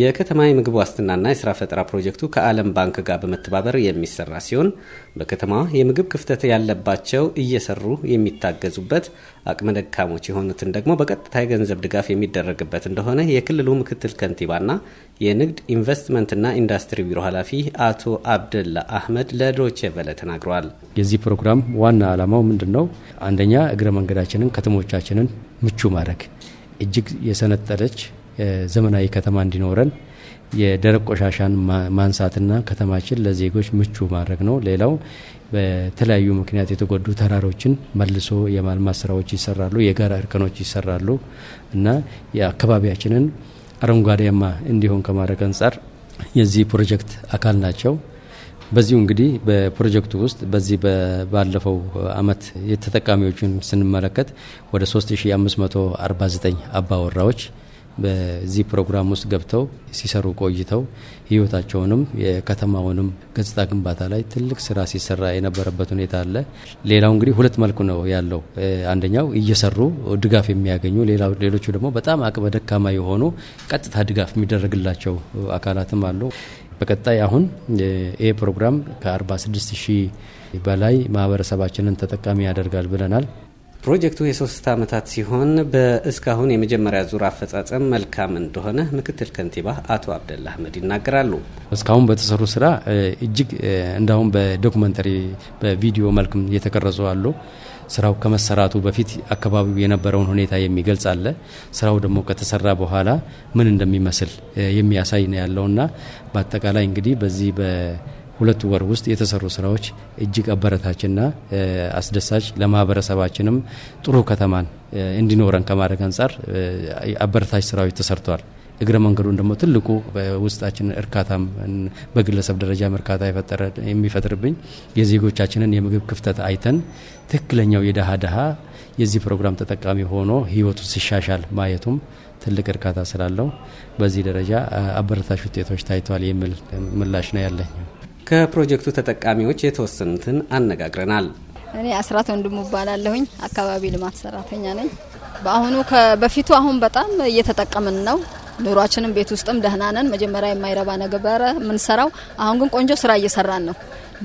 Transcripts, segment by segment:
የከተማ የምግብ ዋስትናና የስራ ፈጠራ ፕሮጀክቱ ከዓለም ባንክ ጋር በመተባበር የሚሰራ ሲሆን በከተማ የምግብ ክፍተት ያለባቸው እየሰሩ የሚታገዙበት፣ አቅመ ደካሞች የሆኑትን ደግሞ በቀጥታ የገንዘብ ድጋፍ የሚደረግበት እንደሆነ የክልሉ ምክትል ከንቲባና የንግድ ኢንቨስትመንትና ኢንዱስትሪ ቢሮ ኃላፊ አቶ አብደላ አህመድ ለዶቼ ቨለ ተናግረዋል። የዚህ ፕሮግራም ዋና ዓላማው ምንድን ነው? አንደኛ እግረ መንገዳችንን ከተሞቻችንን ምቹ ማድረግ እጅግ የሰነጠለች ዘመናዊ ከተማ እንዲኖረን የደረቅ ቆሻሻን ማንሳትና ከተማችን ለዜጎች ምቹ ማድረግ ነው። ሌላው በተለያዩ ምክንያት የተጎዱ ተራሮችን መልሶ የማልማት ስራዎች ይሰራሉ፣ የጋራ እርከኖች ይሰራሉ እና የአካባቢያችንን አረንጓዴማ እንዲሆን ከማድረግ አንጻር የዚህ ፕሮጀክት አካል ናቸው። በዚሁ እንግዲህ በፕሮጀክቱ ውስጥ በዚህ ባለፈው አመት የተጠቃሚዎቹን ስንመለከት ወደ 3549 አባወራዎች በዚህ ፕሮግራም ውስጥ ገብተው ሲሰሩ ቆይተው ህይወታቸውንም የከተማውንም ገጽታ ግንባታ ላይ ትልቅ ስራ ሲሰራ የነበረበት ሁኔታ አለ። ሌላው እንግዲህ ሁለት መልኩ ነው ያለው። አንደኛው እየሰሩ ድጋፍ የሚያገኙ ሌሎቹ ደግሞ በጣም አቅመ ደካማ የሆኑ ቀጥታ ድጋፍ የሚደረግላቸው አካላትም አሉ። በቀጣይ አሁን ይህ ፕሮግራም ከ46 ሺህ በላይ ማህበረሰባችንን ተጠቃሚ ያደርጋል ብለናል። ፕሮጀክቱ የሶስት ዓመታት ሲሆን በእስካሁን የመጀመሪያ ዙር አፈጻጸም መልካም እንደሆነ ምክትል ከንቲባ አቶ አብደላ አህመድ ይናገራሉ። እስካሁን በተሰሩ ስራ እጅግ እንዳሁን በዶኩመንተሪ በቪዲዮ መልክም እየተቀረጹ አሉ። ስራው ከመሰራቱ በፊት አካባቢው የነበረውን ሁኔታ የሚገልጽ አለ። ስራው ደግሞ ከተሰራ በኋላ ምን እንደሚመስል የሚያሳይ ነው ያለውና በአጠቃላይ እንግዲህ በዚህ ሁለት ወር ውስጥ የተሰሩ ስራዎች እጅግ አበረታችና አስደሳች ለማህበረሰባችንም ጥሩ ከተማን እንዲኖረን ከማድረግ አንጻር አበረታች ስራዎች ተሰርተዋል። እግረ መንገዱን ደግሞ ትልቁ ውስጣችን እርካታም በግለሰብ ደረጃም እርካታ የሚፈጥርብኝ የዜጎቻችንን የምግብ ክፍተት አይተን ትክክለኛው የደሃ ደሃ የዚህ ፕሮግራም ተጠቃሚ ሆኖ ህይወቱ ሲሻሻል ማየቱም ትልቅ እርካታ ስላለው በዚህ ደረጃ አበረታች ውጤቶች ታይተዋል የሚል ምላሽ ነው ያለኝ። ከፕሮጀክቱ ተጠቃሚዎች የተወሰኑትን አነጋግረናል። እኔ አስራት ወንድሙ እባላለሁኝ። አካባቢ ልማት ሰራተኛ ነኝ። በአሁኑ በፊቱ አሁን በጣም እየተጠቀምን ነው። ኑሯችንም ቤት ውስጥም ደህና ነን። መጀመሪያ የማይረባ ነገበረ የምንሰራው። አሁን ግን ቆንጆ ስራ እየሰራን ነው።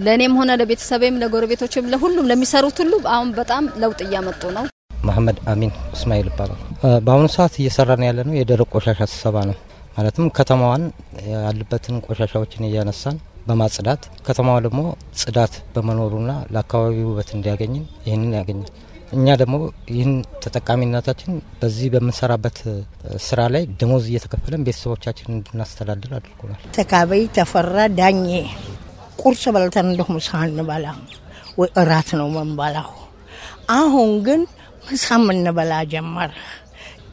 ለእኔም ሆነ ለቤተሰብም፣ ለጎረቤቶችም፣ ለሁሉም ለሚሰሩት ሁሉ አሁን በጣም ለውጥ እያመጡ ነው። መሀመድ አሚን እስማኤል ይባላል። በአሁኑ ሰዓት እየሰራን ያለ ነው የደረቅ ቆሻሻ ስብሰባ ነው። ማለትም ከተማዋን ያሉበትን ቆሻሻዎችን እያነሳን በማጽዳት ከተማዋ ደግሞ ጽዳት በመኖሩና ለአካባቢ ውበት እንዲያገኝን ይህንን ያገኛል። እኛ ደግሞ ይህን ተጠቃሚነታችን በዚህ በምንሰራበት ስራ ላይ ደሞዝ እየተከፈለን ቤተሰቦቻችን እንድናስተዳድር አድርጎናል። ተካበይ ተፈራ ዳኜ ቁርስ በልተን እንደሁ ምሳ እንበላ ወይ እራት ነው መንበላሁ። አሁን ግን ምሳ ምንበላ ጀመር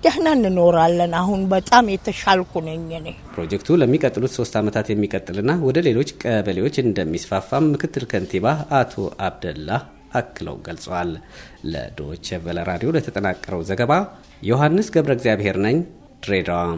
ደህና እንኖራለን። አሁን በጣም የተሻልኩ ነኝ እኔ። ፕሮጀክቱ ለሚቀጥሉት ሶስት ዓመታት የሚቀጥልና ወደ ሌሎች ቀበሌዎች እንደሚስፋፋም ምክትል ከንቲባ አቶ አብደላ አክለው ገልጸዋል። ለዶይቼ ቨለ ራዲዮ ለተጠናቀረው ዘገባ ዮሐንስ ገብረ እግዚአብሔር ነኝ ድሬዳዋ